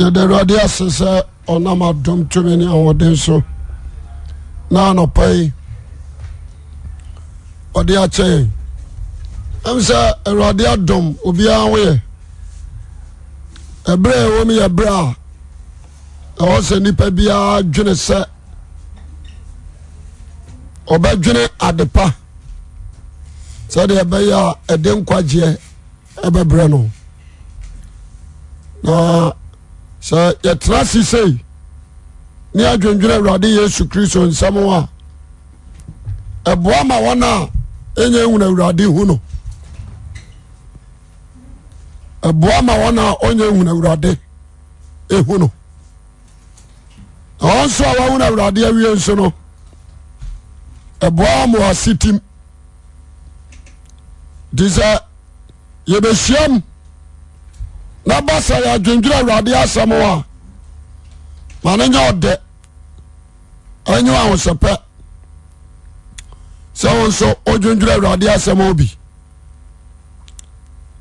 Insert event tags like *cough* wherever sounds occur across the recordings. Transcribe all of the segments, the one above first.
yɛda awurade ase sɛ ɔnam adom tumi ne ahoɔden so na anɔpa yi ɔde akyɛ yɛn ɛm sɛ awurade adom obiara woyɛ ɛberɛ a ɛwɔ mu yɛ berɛ a ɛwɔ sɛ nnipa biara dwene sɛ ɔbɛdwene adepa sɛdeɛ ɛbɛyɛ a ɛde nkwagyeɛ ɛbɛbrɛ no na sɛ yɛtena se sei ne yɛadwendwene awurade yesu kristo nsɛm a ɛboa ma wɔn a ɛnyɛ hunu awurade hu no ɛboa ma wɔn a ɔnyɛ hunu awurade ɛhu no na wɔn nso a wɔahunu awurade awie nso no ɛboa ma wɔn tim nti sɛ yɛbɛhyiam na ba sa yɛadwendwurɛ awuradeɛ asɛm a mane yɛ ɔdɛ nyahosɛpɛ sɛs odwwr awurade asɛm bi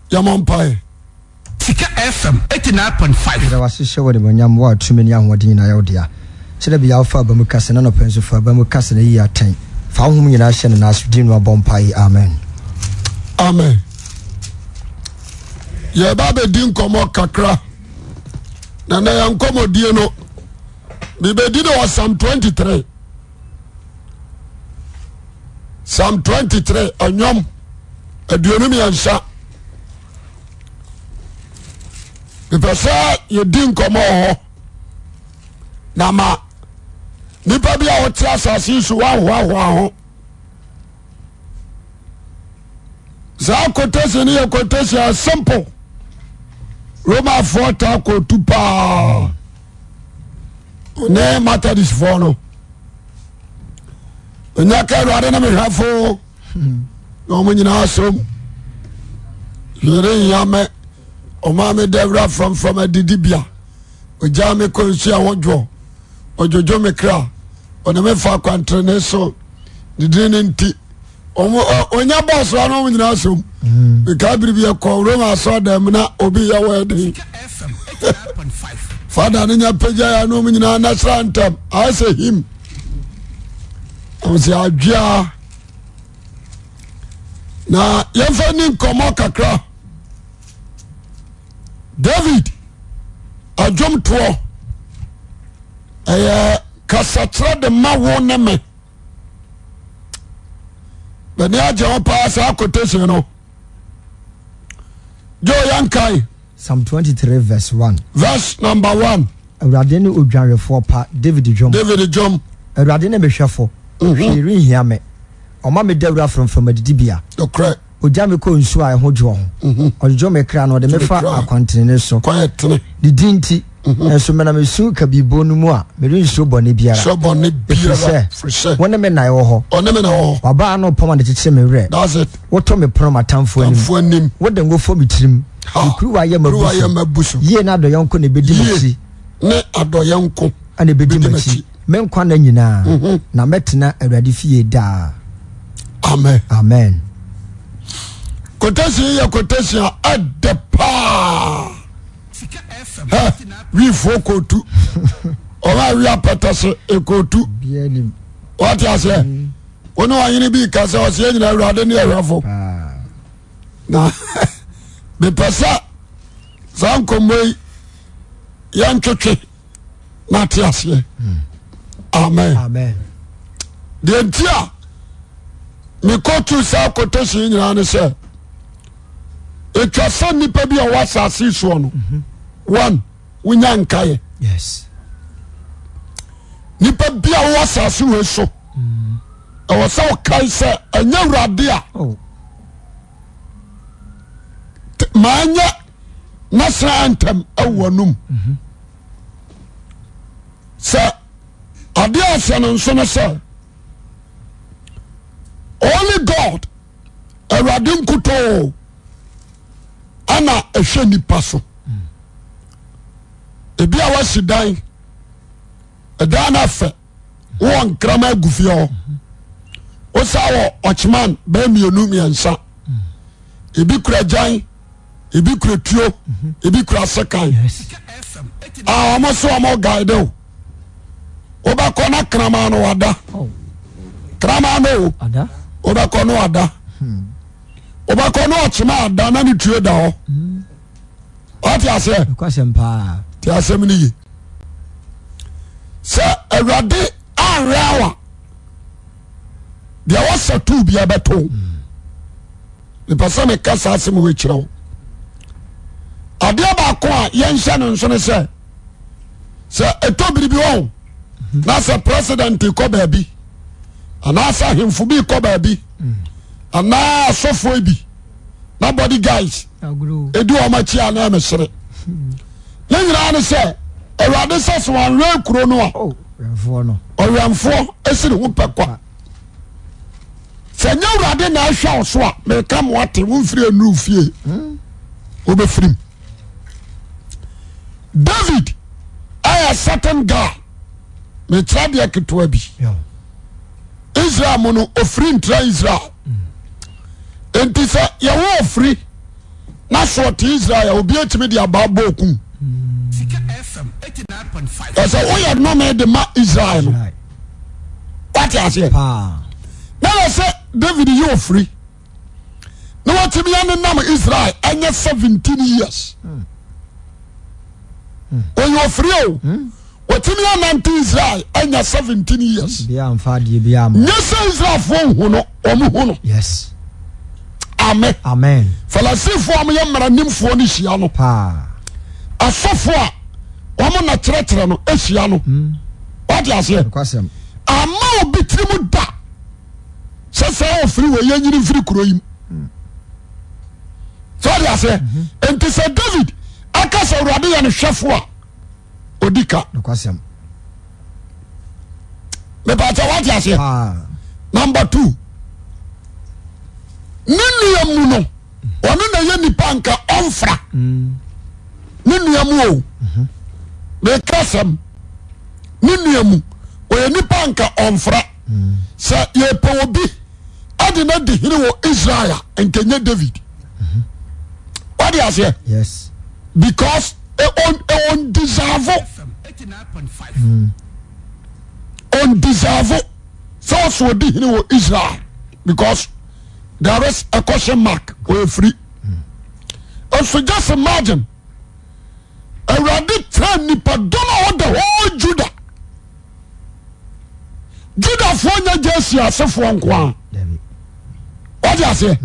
yɛɔɛwasehyɛ wɔ nemnyamwaatumi n ahoɔde nyinaayɛwdea kyerɛ biawofa aba mu kasa no nɔpɛs fa ba kasa no yiaten fa woho nyinaahyɛ nensi nuabɔmpyi am yɛba bɛdi nkɔmmɔ kakra na nayɛnkɔmɔdie no mibɛdi ne wɔ sam 2wenytee sam 2wnyte wɔ aduonmyɛnha nipɛ sɛ yɛdi nkɔmmɔ hɔ nama nnipa bia wɔte asase su wɔaho aho a ho sa ako tesi ne yɛkotesi a simple romafoɔ taa kootu paa ne matadisfoɔ no ɛnya ka awurade ne mehwɛfo na ɔmo nyinaa som hwere nya mɛ ɔma me da wura framfram adidibea ɔgyaa me kɔ nsu a wɔdwoɔ ɔdwodwo me kra ɔne me fa akwantere ne so ne dini ne nti ɔnya eh, bɔsoa no ɔmo nyina asɛm nka hmm. biribi ɛkɔ roma asɔ dɛm na obi yɛ wɔ *laughs* fada ne nya pagya yɛ no ɔmo nyinaa nasra ntɛm him ɔmo adua na yɛmfa ni nkɔmmɔ kakra david adwomtoɔ ɛyɛ kasakyerɛ de ma wo ne me bẹẹni agye wọn paa saa quotation no joe yankai. psalm twenty three verse one. verse number one. awurade ni odwarefoɔ pa david jom. david jom. awurade ni mehwɛfo. hwee rinhia me ɔma me dawura frɔmfrɔm adidibea. ɔkorɛ. ogya mi kɔ nsuo a ɛho dwoɔ ho. ɔdwodwo mi kra na ɔde mi fa akwantene so. kwan yɛ tene. ne din ti. Mhm. nso mena mesu kabibo no mu a mede nsuo bɔne biara sɛ bɔne biara sɛ wone me nae wɔ hɔ ɔne me na wɔ hɔ wabaa na ɔpɔma de kyekyere me werɛ that's it wotɔ me pono matamfoɔ anim anim wode ngofo me tirim ekuru wa yɛ mabu so yie na adɔyɛnko na ebedi mo ti ne adɔyɛnko ana ebedi mo ti me nkwa na nyinaa mhm. na mɛtena awurade fie daa amen amen kotasi yɛ kotasi a ɛdɛ paa wifo kotu *laughs* ɔma wia pɛtɛse ɛkotu e waate aseɛ mm. wone wayene bii ka sɛ ɔsiyɛ nyina awurade ne ahrɛfo na bepɛ *laughs* sɛ saa nkomoi yɛntwotwe na ate aseɛ mm. ame deɛ nti a mekɔtu saa kotesei nyinaa ne sɛ ɛtwa sɛ nnipa bi a wo asase y soɔ no mhm. oe wonya nkae nnipa bia wowɔasase hei so mm. ɛwɔ sɛ wokae sɛ ɛnyɛ awurade a oh. maanyɛ naseraantam awoanom mhm. sɛ adeɛ a sɛno nso no sɛ oly god awurade nkutoo ana ɛhwɛ nnipa so ebi a wosi dan da na fɛ wowɔ nkrama agu fie ɔ wo sa wo ɔkyema ne bammienu ɛnsa bi kura gyan bi kura tuo bi kura asekana ɔmo so omo ga de o wobɛkɔ no krama no woada krama hmm. noo wobɛkɔ ne ada obɛkɔ ne ɔkyema ada na ne tue da hɔ ɔte aseɛ te asɛm no ye sɛ awurade anwerɛ awa deɛ wɔsa too bia bɛtoo mepɛ sɛ meka saa asɛm wɔakyerɛ wo adeɛ baako a yɛnhyɛ no nso no sɛ sɛ ɛtɔ biribi wɔ na sɛ president kɔ baabi anaasɛ ahemfo bi kɔ baabi mm. anaa asofoɔ oh, ah. hmm? bi na body guis ɛdi ɔmakyia ne mesyere ne nyira ne sɛ awurade sɛ sɛ wawɛ kuro no a ɔwɛmfoɔ siri wopɛ kwa sɛ ɛnyɛ awurade naahwɛwo so a meka mowate womfirianurufie wobɛfirim david ayɛ satan ga mekyerɛ deɛ ketea bi israel mo no ɔfirintra israel nti sɛ yɛwɔ ɔfiri na soɔte israel a obi atimi de abaa bɔkumɛsɛ woyɛ nɔme de ma israel no wtaheɛ nɛnɛ sɛ david yɛ ɔfiri na wɔatimi ane nam israel anyɛ se years ɔyɛ hmm. hmm. ɔfiri o hmm. wɔtumi anante israel anyɛ s years nyɛ sɛ israelfoɔ nhu no ɔmohu no a farisifoɔ m yɛ mmara nnimfoɔ no hyia no asofoɔ a wamonakyerɛkyerɛ no ahia no hmm. waate aseɛ ama obitirimu da sɛ sɛɛ ɔ firi wɔyɛyini mfiri kuro yim sɛ wode aseɛ mhm. nti sɛ david aka sɛ wurade yɛnohwɛfo a ɔdika pw aeɛ numb t ne nnua mu no ɔno na yɛ nnipa anka ɔmfra ne nnuamu o bekɛsɛm ne nnua mu wɔyɛ nnipa anka ɔmfra sɛ yɛpɛ obi ade no de hene wɔ israel a ɛnkɛnya david wode aseɛ because ɔndisaavo ɔndisaa vo sɛ ɔso ɔdi hene wɔ israel because har ɛkɔhyɛ mak fir nso jus imagen awurade ta nnipadɔno a wɔda hɔ juda djudafoɔ nya gya sieasefoɔ nkoa wgye aseɛ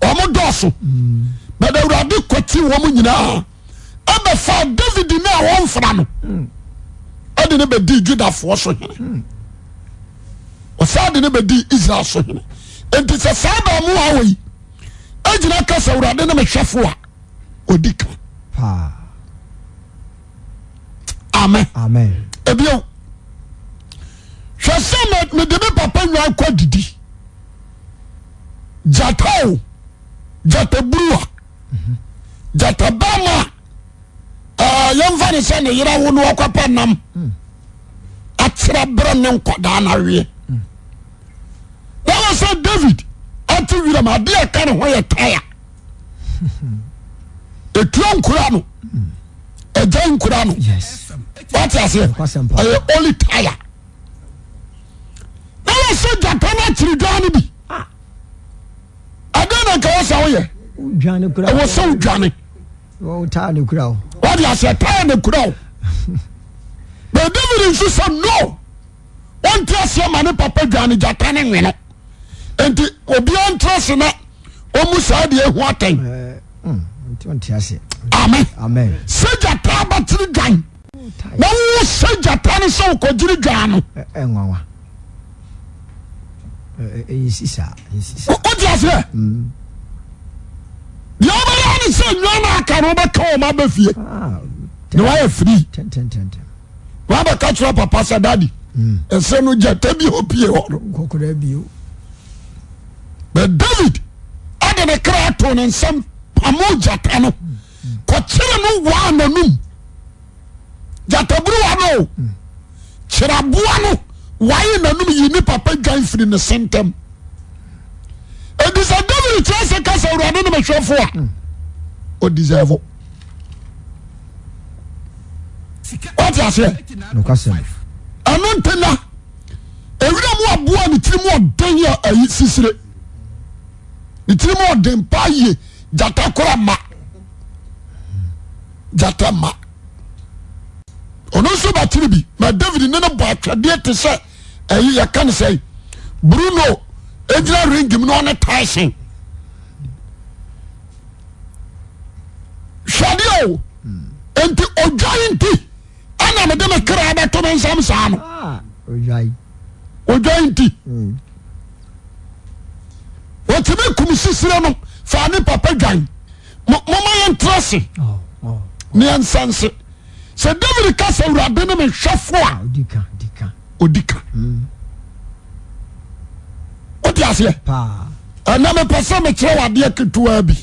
modɔɔ so but awurade kwati wɔ m nyinaa ɛbɛfa david ne a wɔmfra no ɛde ne bɛdii judafoɔ so en ɔsade ne bɛdii israel so en enti sɛ saa ba mua wei ejina ke sa wurade no mehwe fowa odika ame ebio eh, hwɛ son medeme papa nwako didi jatao jata buruwa jata bama eh, yomfane se ne yera wono wakwapa nam hmm. atsera bere ne nko dana wee ɛw sɛ david ate wiramadeɛ ka ne hɔ yɛ ta hmm. tua nkra no gya nra nasɛoy t na wsɛ gwatane akyeridwano bi agannkɛwosa woyɛɛwɔsɛw dwan teaseɛtare nokra but david nh sɛ no ntiaseɛ ma ne papa dwane yataneno Eh, hmm, nti obiara ntena se na ɔmu saa deɛ ɛho atɛn amen sɛ gyata abatiri dwan na wo sɛ gyata no sɛ wokɔgyiri dwan no eh, eh, wode aseɛ hmm. deɛ wobɛyɛ ne sɛ nwa no aka no wobɛka ɔma ba fie ah, na woayɛ firi woabɛka kyerɛ papa sɛ dadi ɛsɛ hmm. no gyata bi pie hɔ but david ɔde ne kra ato ne nsɛm pamo gyata no kɔkyere no waa n'anum gyataburuwa no kyerɛboa no waye n'anum yi ne papa dwan firi ne sɛntɛm ɛdi sɛ david kyerɛ sɛ kasa awurade ne mɛhwɛfo a ɔdi sɛ ɛfo ɔte aseɛ ɛno ntena ewira mu aboa ne tiri mu ɔden a ayi sisire ntirima ɔdenpa ye gyata koro ma yata ma ɔno nso batiri bi ma david ne ne bɔa atwadeɛ te sɛ ɛy yɛkane sɛi bruno egina awerengimu no one tasen hwadeɛ o enti odwae nti ana mede me kra bɛtomo nsam saa no odwai ah, nti mm. ntemekum sisire no faa ne papa dwan moma yɛntrɛse oh, oh. neɛnsanse sɛ david kasa wurade no mehwɛ fo a odi ka woteaseɛ mm. ɛnamepɛ sɛɛ mekyerɛ waadeɛ ketewaa bi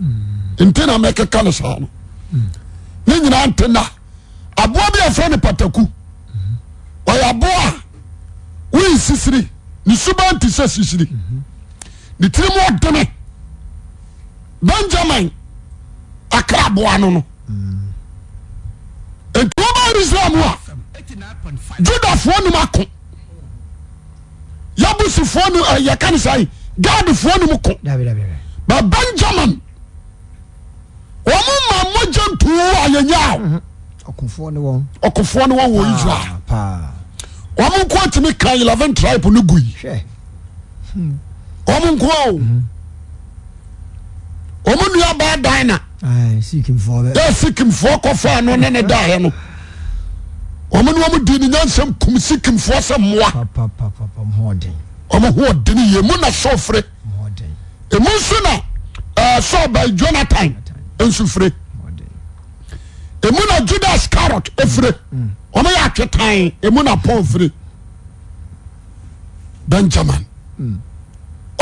mm. nti na mɛkeka no saano mm. ne nyina ntenna aboa bi afrɛ no pataku mm-hmm. ɔyɛ aboa a woi sisiri ne suba nti sɛ sisiri mm-hmm. netirimdone benjamin akraboa no no nto eh, ba mhm. ah, israel m a judafoɔ nom ako yabsfonyɛka ne sɛi gaadfoɔ num ko ba benjaman ɔmo mamagya nto ayanyaa ɔkofoɔ ne wɔ wɔ isral fonku timi ka e1 tripe no gi ɔmonko ɔmonuabaa mhm. dannaɛ sikimfoɔ kɔfoano nedah no ɔmoneɔmdi niyasɛm km sikimfoɔ sɛ mmoa ɔmoho diniy muna s frɛ mu sonasɔw eh, bi jonathan nsufrɛ muna judas scarot e fire ɔmayɛ mm, mm. atwetae muna pɔw firɛ benjaman mm.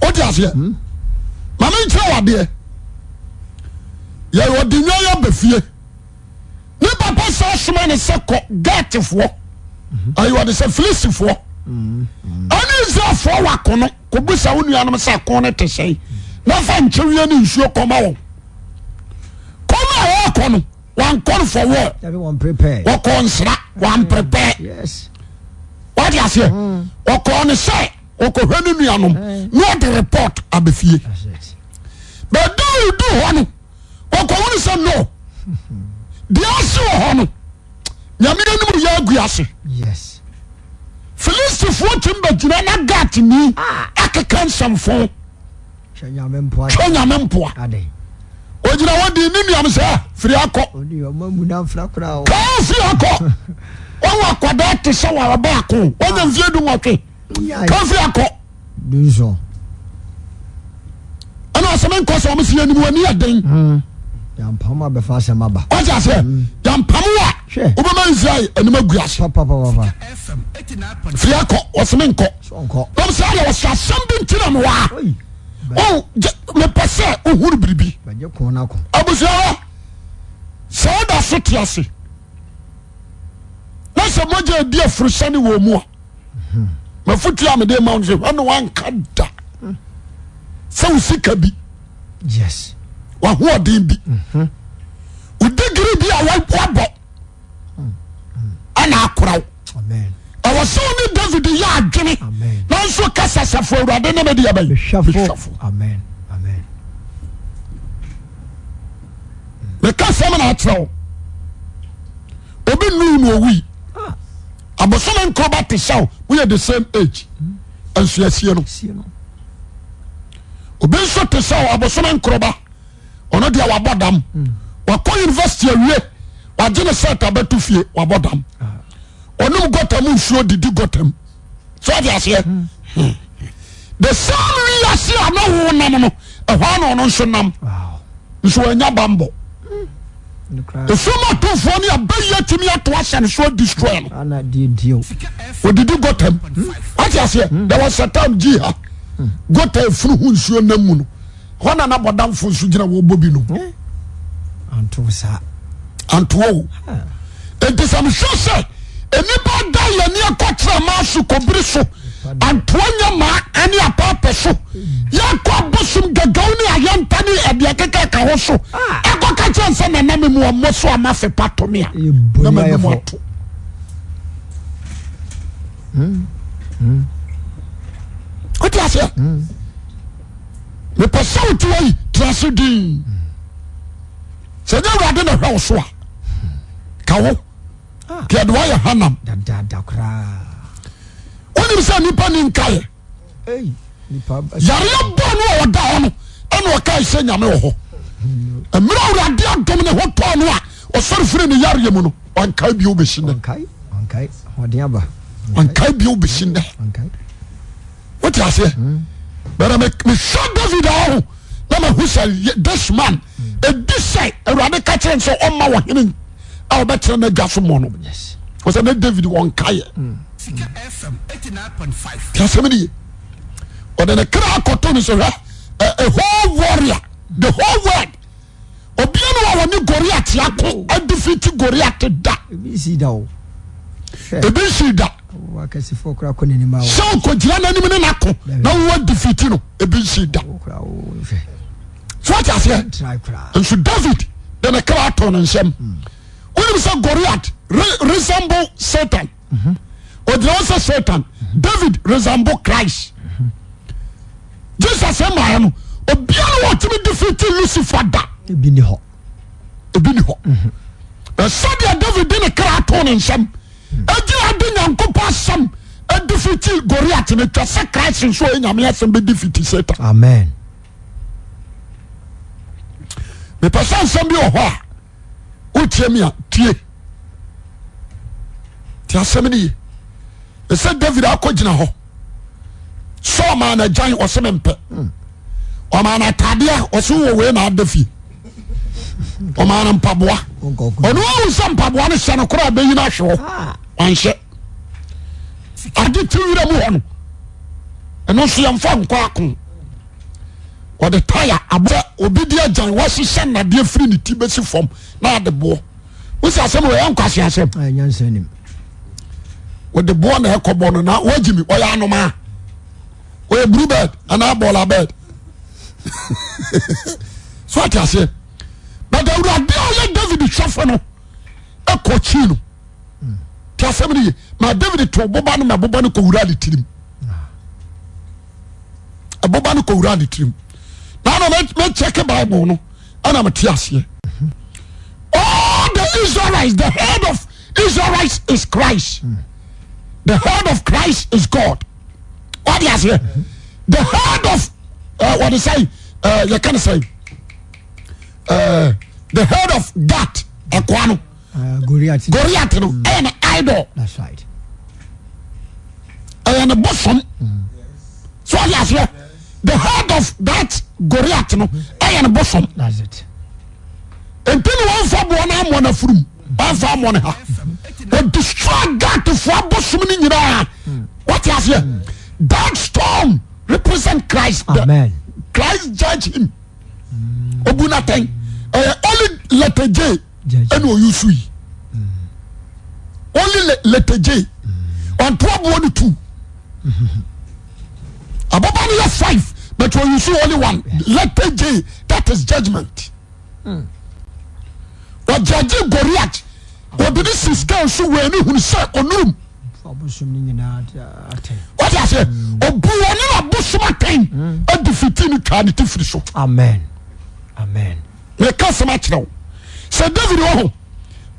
wɔteaseɛ hmm? mamankyerɛ wadeɛ yɛwɔde nniayɛ aba fie ne papa sa soma ne sɛ kɔ gatefoɔ hmm? ayowɔde sɛ fleesefoɔ ɛnensafoɔ hmm. wako no kɔosa wo nuanom sɛ ko no tesɛi na fa nkyɛwiane nsuo kɔma w maa ɔ akɔ n wnkɔfɔwɔ ɔ nsera waprepar easɛ ɔɔɔn sɛ nde ep abfie badudu hɔ no ɔkɔ wone sɛ no biasewo hɔ no nyamea nom yi guase filistfoɔ timi bagyina nogat ni ah. akekansɛmfohwɛ nyame mpoa gyina wode ne nuam sɛ firi akkafiri akɔ wakadate *laughs* sɛ wbakoamfied ka fri akɔ ɛn ɔseme nkɔ sɛ ɔmesy animaniyɛdensɛ yampamua wobɛmansia anim hmm. agasefriak hmm. sme nkɔ msɛe ɔsɛ asɛm de ntina mowaamepɔ sɛ wohure biribiabusua ɔ sɛ woda sotease na sɛ mogya adiaforosane wɔ mua hmm. mɛfotua mede maane wanka da sɛ wosika bi wahoɔden bi mhm. odigeri bi a wabɔ anaakora w ɛwɔsɛw ne david yɛ adwene nanso kasasɛfo awurade ne bɛdi yabahwafo mekasɛm naatyerɛo obɛ n nowi abosom nkoroba te sɛo moyɛ the same age nsoasie no obinso te sɛ absom nkoroba ɔndeda mm. univesty awie gene setebat fie da ɔnm gtam so didi gtam sɛeɛthe smnn onyabaɔ ɛsoma atomfoɔ no abɛyi tumi atoa asɛne so adi stroe no odidi gotam antiaseɛ dawasɛtam hmm. i ha hmm. gota funu ho nsuo nam mu no hɔ nanobɔdamfo nso gyina wɔbɔ bi nom eh. antoɔo ɛnti sɛmehwɛ sɛ ɛnipa da yɛneɛkɔkerɛ masokɔbire so antoa nyɛma aneapapɛ so yɛkɔ abosom gagaono ayɛntane abiakekɛ kaho so ɛkɔka kyɛ sɛna namemamso amafe patmea oasɛ mepɛ sɛwotewayi traso din sɛ nɛ wrade na hwɛ wo soa hmm. kawo kadwayɛhana ah. nm sɛ nipa ni nka yareɛ bɔno a ɔda hɔ no ɛnɔkae syɛ nyame wɔhɔ merɛwrde admnehono a ɔsɔrefino ae mu mm. a bɛiɛ wotiaseɛ bɛmehwɛ david aɔho namaho sɛ dishman mm. ɛdi sɛ awurade ka kerɛ n sɛ ɔma e a wɔɛtera noadwa so ɔ no sne david wɔnka mm. Sika FM 89.5. Yasemi c'est? On Ọ̀dẹ̀ ni kíra akoto ni sọ̀rọ̀ whole warrior the whole world. Obi ẹni wa oh. Goliath da. Ebi da o. Ebi da. ma David then a kíra On ní nsẹ́mu. Wọ́n resemble Satan. Mhm. ɔderawo sɛ satan david resembl christ jesus ɛmaa no obia no wɔtemi de fiti lucife danehɔ ebini hɔ bɛsɛdea david bi ne kra to ne nsɛm ɛgyirade nyankopɔn asɛm adi fiti goriat neatwa sɛ christ nsoɔɛ nyamene asɛm bɛde fiti satan amen mepɛ sɛ nsɛm bi wɔ hɔ a wotimia tue ti asɛmnoye sɛ david akɔ gyina hɔ sɛ ɔmanayan ɔsem mpɛ ɔmana taesae man mpaboan sɛ paoa no sɛnkranhwɛ odeonkɔnongi yɛ anoma yɛbr be anabolabe *laughs* oateaseɛ butwreyɛ david hwɛf no kɔki no tiasɛm ney ma david to oba noaodeobano wrade tiri nnmɛkyɛke bible no anamteaseɛ l e israit e of isralit is cist hed of christ is god ode aseɛ e of wde sɛi yɛkane sɛi the herd of dat koa no goriat no ɛyɛne idol ɛyɛne bosom so de asɛ the herd of dat goriat no ɛyɛ ne bosom npine wamfa boɔ no amɔne afrum wmfa mne ha strygnye wt bad ston represent cristchrist judge him obunte eh, only letj ens only letj mm. ontobadut abobany ie but s only one let thatis judgment mm. ɔbine sisaso nehun sɛ n neoso a a fitno wa ne ti firiso kasɛmkyerɛ w sɛ viri h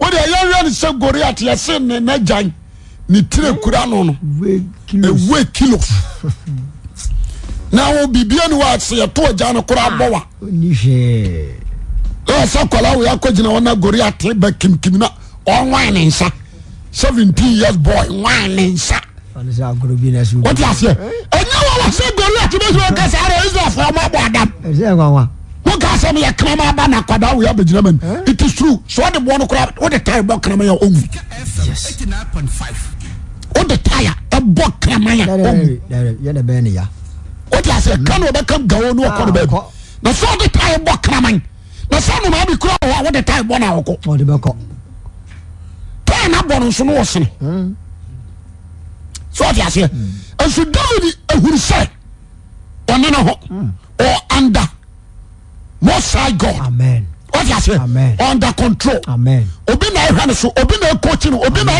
ode yɛwn sɛ goriat yɛsenna ne tirekrann kilos nbirbianɛyɛt anaɛ ginangiabakmn ɔnwan ne nsa seventeen years boy nwan ne nsa. wọ́n ti àṣẹ ẹ̀yẹ́ wọn wọ́n ṣe gbẹ̀rù àti bẹ́sẹ̀ wọn kẹsàn-án rẹ̀ israel fún ọmọ ọgbọ adam. ẹ̀sẹ̀ wọn wa. wọn kà sẹ́mi yẹ kírama bá na kọ́dá wòye abẹ́gyina mẹ́ni it is true so wọ́n de bọ́ ọ́nù kura wọ́n de táyà bọ́ kírama yẹ ọ̀hún. wọ́n de táyà bọ́ kírama yẹ ọ̀hún. wọ́n ti àṣẹ kánú ọbẹ̀ kan gawo ní ọkọ níbẹ̀ ah, na so wọ́n de táyà bọ́ kírama yẹ na sanu maa mi kura wọ́n de táyà bọ́ náà ọkọ. s david ahuru sɛ ɔnen h unde mosi god unde control obnan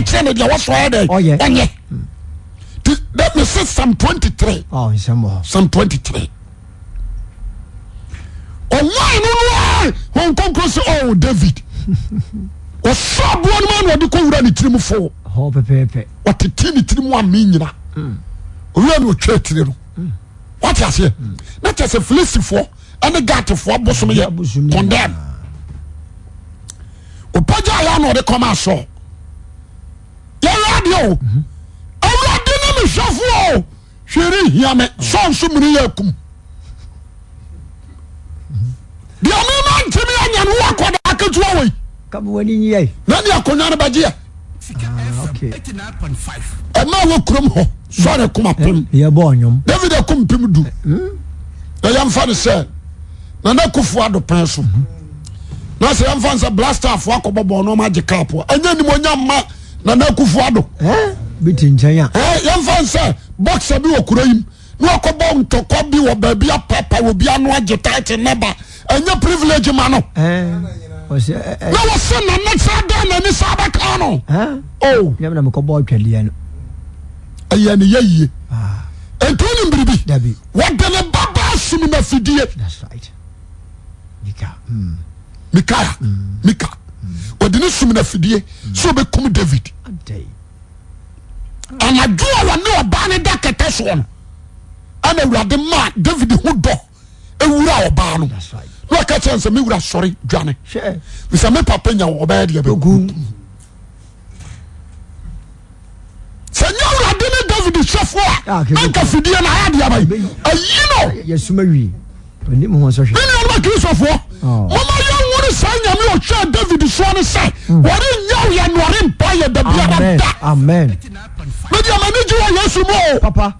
sonaɔiakerndwese same 3se23 no ko sɛ oh, david *laughs* ɛanndewra ne tiri fo tete ne tirimme nyina ntwatir tɛ kɛsɛ flesifoɔ ne gatefoɔ mm. mm. bsom yɛ onde ɔgyande s ɛde wno mehwɛf hwr hia m sso mereyɛantyɛya na ne akɔyane bagyeɛ5 ah, ɛma wkurom hɔsdavid k p d yɛmfae ɛfuɔd ɛmf sɛ blasafo napf d yɛmfane sɛ eh, eh, box bi wɔ kuro yim na wakɔbɔ nɔk bi wɔ baabi a papa ɔbianoage tit neba ɛnyɛ privilege ma no eh. na wɔse nanesa da nane sa baka no ɛynyaie ntone mbiribi wɔdene baba somna afidie nikaa nika wɔdene somi no afidie sɛ wobɛkome david anadoa wɔne ɔbano dakatɛ sono ana awurade ma david ho dɔ ɛwura a ɔba no ka kn sɛ mewur sɔre uane isme papa nyoɛydb sɛ nye wra dene david sɛfuaanka ah, fidie n ayadeab ayi nmenuan bakirisofo ah. moma yɛ wono saa nyame oka david soane sai ore hmm. nyɛyɛ norempa yɛ dabiara da mediamanegi wo ya sumoo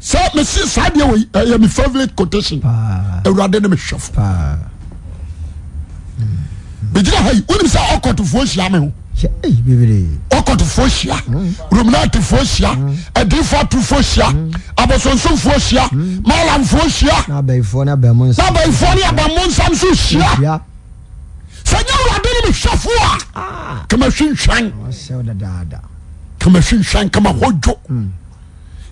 ffs asfs f safneamsao sia se d ne mesef keaesh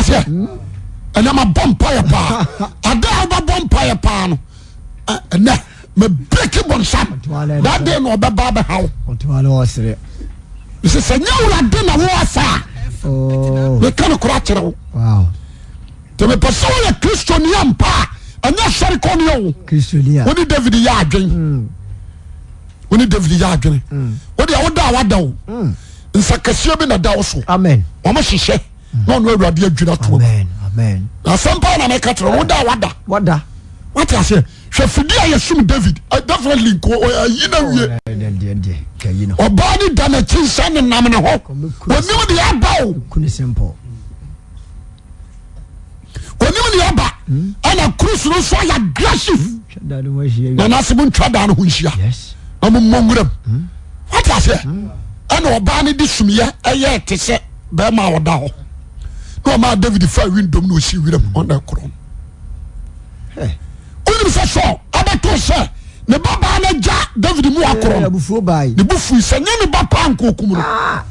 *laughs* sɛ ɛnmabmpa oh. pa dwpa pan mabkibonsamdad nɛb ha sɛ nya wurde nawofa ekano krakerɛo tmepɛ sɛolɛ christoniampa ɛnya sɛrekonowone david yd mm. wne david yadwen mm. wdewodawdao mm. nsakasi bi na dao e na n awurade adwina t sɛmp namkatewodawdawteasɛ hwɛfidi ayɛsom david eh, efinitly nkino eh, wie oh, eh, ɔba ne dankinsɛ hmm? no namn hnɛn eɛba ɛna kurusoro so ayɛ aggressivnanasɛ hmm? mo ntwa da no ho nhyia namo mouram hmm? wateasɛ ɛna ɔba no de somyɛ yɛ te sɛ bɛma ɔda hɔ david faonim se so odeto se mebaba na ja david mwakoronebofui se ye mebapankokumuof ah!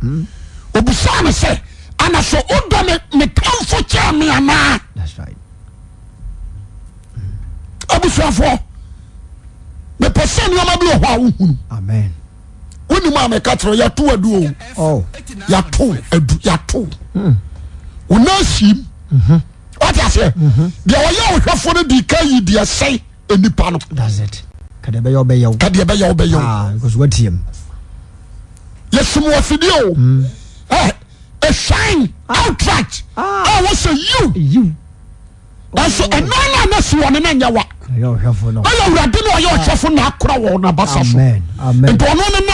hmm? obusaa me se ana so wodoe metamfo ke meama abusuafo mepo se meama bilohoa wohuru wonim oh. ah, hmm. eh, a meka kyerɛ yɛto adu o yɛto adu yɛto wona siem wate aseɛ deɛ ɔyɛ ɔhwɛfo no de ka yi deɛ sɛe nipa no kadeɛ bɛyɛ wobɛyɛwo kadeɛ bɛyɛ wobɛyɛwo yɛsom wɔ fidie o ɛhwan outright a wɔsɛ yiw ɛnso ɛno no a na si wɔne no nyɛ wa ɛyɛ awurade no ɔyɛ ɔhwɛfo na akorɔ wɔ nabasa so nti ɔno ne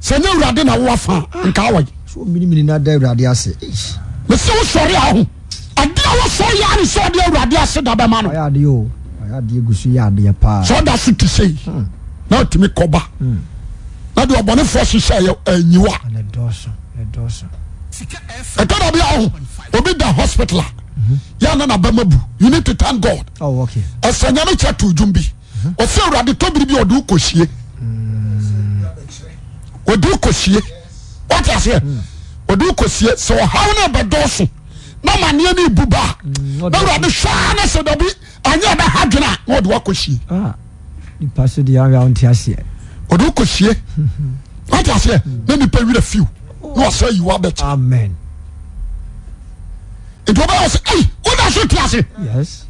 sɛ ne awurade na wowa fa ah. nka wɔ minimini na da awurade ase se wo sɔre a ho ade a wɔsɔre yɛ ne sɛ ɔde awurade ase da bɛma no ɔyɛ adeɛ o ɔyɛ adeɛ gu so yɛ adeɛ paa sɛ ɔda so te sei hmm. na ɔtumi kɔba hmm. na deɛ ɔbɔnefoɔ hyehyɛ anyiwa ɛtɔ da bi a obi da hospital a mhm. yà nana bẹẹma bu you need to thank God ẹsẹ oh, nyame kyẹ tó dùn bi ọsẹ mhm. awurade tóbi bi ọdún kò sie. de wkse dese sɛ hneɛdso nmanne bans eɛha de niiw ɛsɛets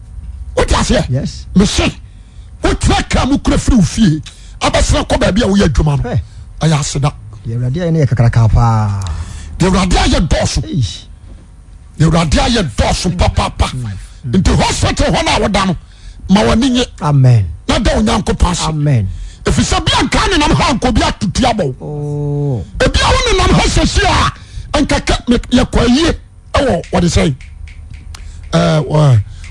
woteaseɛ mese wotera kra mukura firi wo fie abɛsra kɔ baabi awoyɛdwumao ɛseda eɛwrade yɛ sreyɛ p ntospitalɔwda no mawaneye na da onyankopa se ɛfiisɛ bianka nenam hankobi atotuab biawo nenam ha sasi oh. a ɛnkak yɛkɔye w ɔdesɛ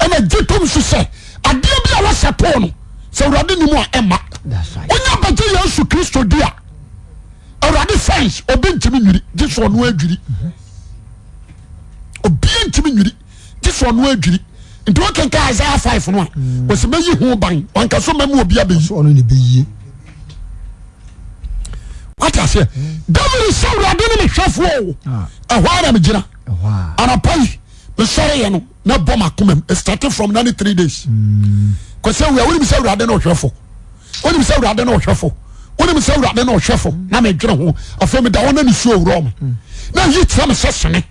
ɛma gye tom so sɛ adeɛ bi a wɔsɛ poɔ no sɛ wurade no mu a ɛma wonya pɛkye yesu kristo di a awurade frens ɔb nim wiri e sndwiri nim iri e sndwiri nisia5 sɛ wrade no mehwɛfoɔ ah. ɛh namgyinaanaai mesɔre yɛ no na bɔ ma kuma mu starting from ninety three days kɔsɛ wia wɔnim sɛ awurade na ɔhwɛ fo wɔnim sɛ awurade na ɔhwɛ fo wɔnim sɛ awurade na ɔhwɛ fo na mɛ dwere ho afei mi da wɔn na nisuo wura ɔmo na yi tia mi sɛ sene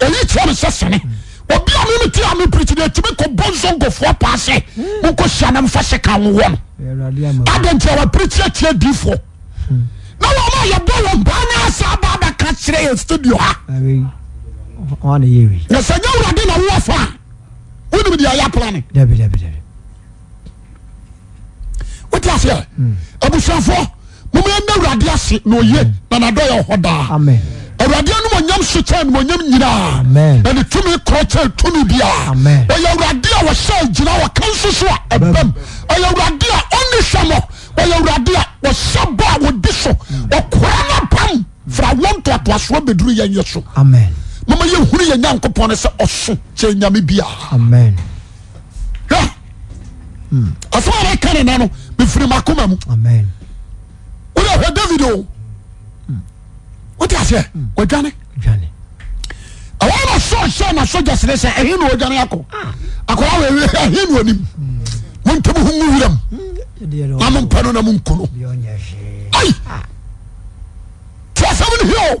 eyi tia mi sɛ sene obi a mi mi tia mi pirikyi de etimi ko bɔ nsonkofoɔ paase mo ko hyia na nfa se ka nwɔ no adantia wa pirikyi etia di fo na wɔn a yɛ bɔ wɔn baa na asa aba abaka kyerɛ yɛ studio ha. sywrde naf ond sf e nanhd wrenyam sokye nya yina ne tmkroky fraaa br yaye so mama yɛ hunu yɛnyankopɔ no sɛ ɔso kyɛ nyame biaɛ ɛsmɛkannɛ no mefirim koma mu wodeh david o wots awanwɛɛ otmmwrammopannamuasɛn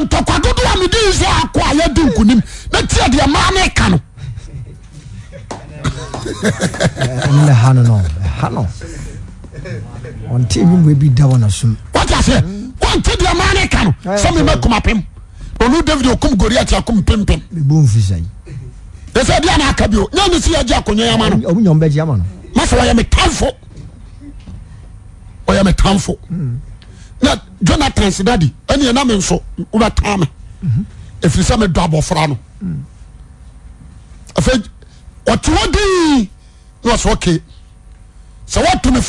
ntokadodowa mede sɛ akoa yɛdeokonim ne tia deɛ mano ka notas nte deɛ mano ikano se memekapm david gitaosɛ dianakabi ms yaje a jonathan sidadi anianameso wotame firi sɛ med bfra to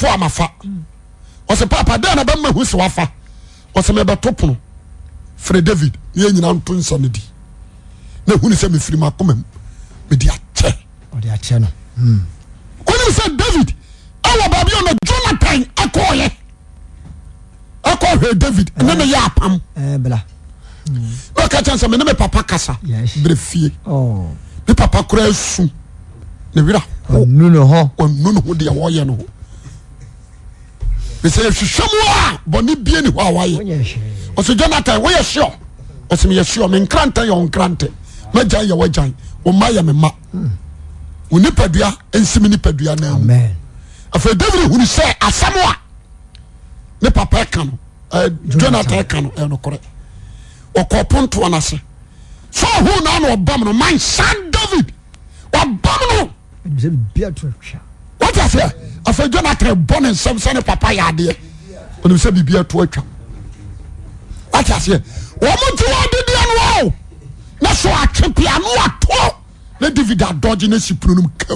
swapapaasseop ferɛ david yyiaosds hmm. efiriedynsɛ david o ba jonata ɛkɔ hwɛ david eh. eh, ne me a apam ɔka kyɛn sɛ ne papa kasa berɛ fie oh. me papa kora asu ne werɛ ɔnu oh, ne ho oh, deɛ wɔyɛ no ho mu a bie a me nkrantɛ yɛ yɛ ma yɛ me ma hmm. nipadua ne papa ka nojonathan ka no ɛnokorɛ wɔkɔ pontoɔ nose so hon na ɔbam no mansan david bam no t jonathan ɛbɔne nsɛm sɛne papa yɛdeɛ nsɛ birbia to atwa t wdeɛ no ne soatwe pianoatoɔ na david adɔye no sipunonom ka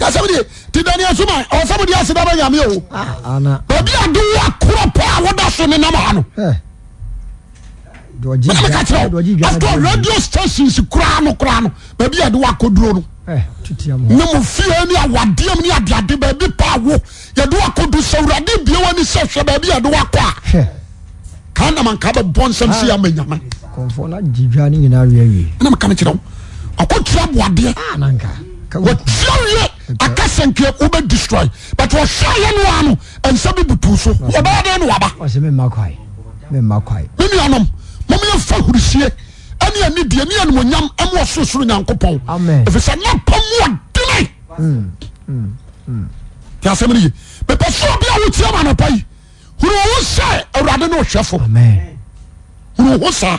yasabidi ti dani asuma ọsabidi asida bẹ yami o bẹẹbi adiwo akoro pọ awoda so ni nam ano mẹni mi o after radio stations kura ano kura ano bẹẹbi adiwo akoduro no ne mu fie ni awadeɛ ni adiade bẹẹbi paawo yadiwo akodu sawurade biewa ni sɛhwɛ bẹẹbi adiwo akɔ a kan na ma nka bɛ bɔ nsɛm si ama nyama. kɔnfɔ na jijua ni nyinaa wiye wiye. ɛna mi ka mi kyerɛ buadeɛ. wokia we aka sɛnkeɛ wobɛdestroy but wɔhwɛyɛ noaa no ɛnsɛ bibot so wɔbɛyɛdɛ mm, mm, mm. no wba menuano momyɛfa hurusie ɛneanibi meanimonyam moasorosoro nyankopɔn ɛfiisɛ napa muaden sɛmee mɛpɛ sɛ bia wotiamnopayi huroho sɛ awurade ne ɔhwɛfo huroho saa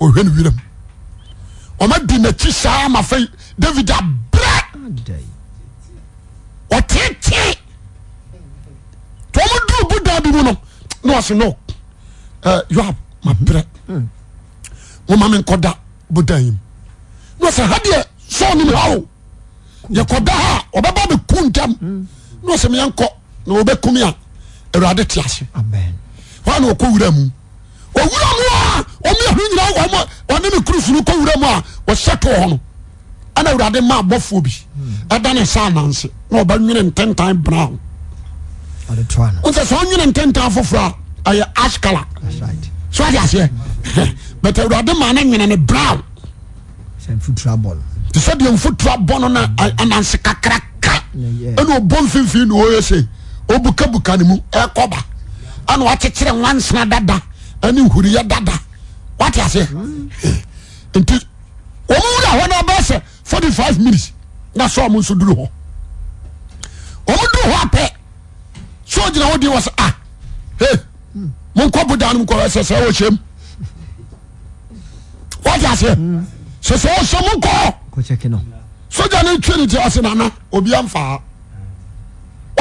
ner oma di naki saa mafei davidabre otete tomo du bodan bimu no nase no mabere omamenkoda bodaim s hade sonm yekodaha obaba meku nam nse mienko nawobekumia urade tiase hnkwrm owra ma ii en t ffr asal ue e bonakekere wasena dada ɛne nhuriyɛ dada wate aseɛ nti wɔn wura hɔ no abɛɛ sɛ forty five minutes na sɛ ɔmo nso duru hɔ ɔmo duru hɔ apɛ So ɔgyina hɔ di wɔ sɛ ah hey mo nkɔ boda no nkɔ sɛ sɛ wɔhyɛm wate aseɛ sɛ sɛ wɔhyɛ mo nkɔ sogya no ntwe ne ti ase nana obi amfaa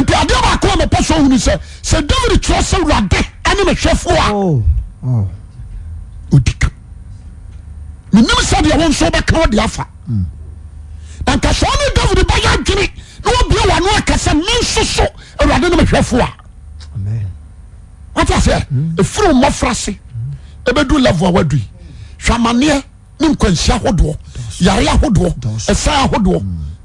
nti ade baakmɛpɔ so hun sɛ sɛ david tyerɛ sɛ wradeanemhwɛfoɔ oh, oh. nɛdeɛkafsone hmm. david bɛya dwene na bonakɛsɛnnoo awuade nomhwɛfoɔ a watsɛ ɛfiri hmm. mmɔfra ase ɛbɛdu hmm. lavoa wadui hwɛ amaneɛ no mkwansia ahodoɔ yare ahodoɔ ɛsa ahodoɔ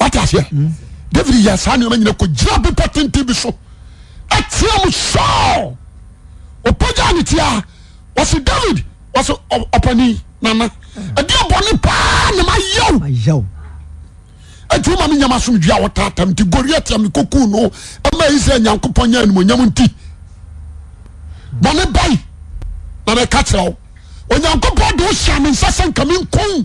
wats david yɛ saneania ira ppɔtntbi so atiɛm so ɔpo aanetia ws david ɛde ɔbɔne paa namaya atioma menyam asomdawtatamnti gta mis nyankpɔ yaniyamni bne ba namka erɛo onyankpɔn de wohyɛmensasɛnkamenko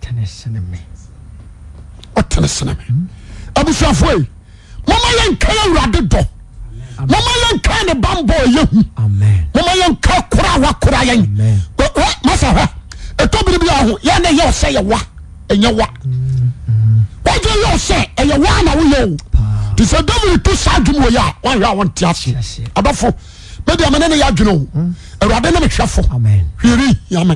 tene sene me abusafoe moma yɛ nkawrade dm yɛnkane bamb yrdwn mdmane ne yadwno awrade ne mehwɛfo hr hiame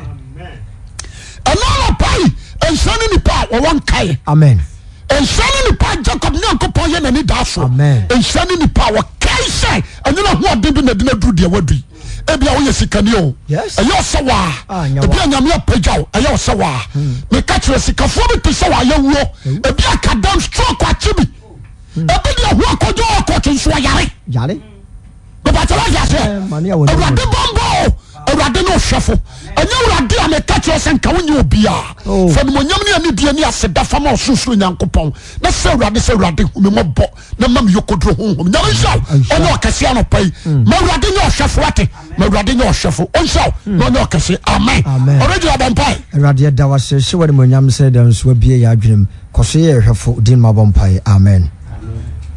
anene pa siane nipa wwnka nk awurade ne ɔhwɛfo ɛnyɛ wrade amkakyeɛɛ sɛ kawonyɛ bnmunyam oh. no n bnisedafama sosro nyankopɔn nsɛɛmaɛɛfɛsɛnbɔp wradedawsɛ syɛ wnemunyam sɛdasoabi yɛ adwenemu kɔso yɛɛhwɛfo di noma bɔmpai amen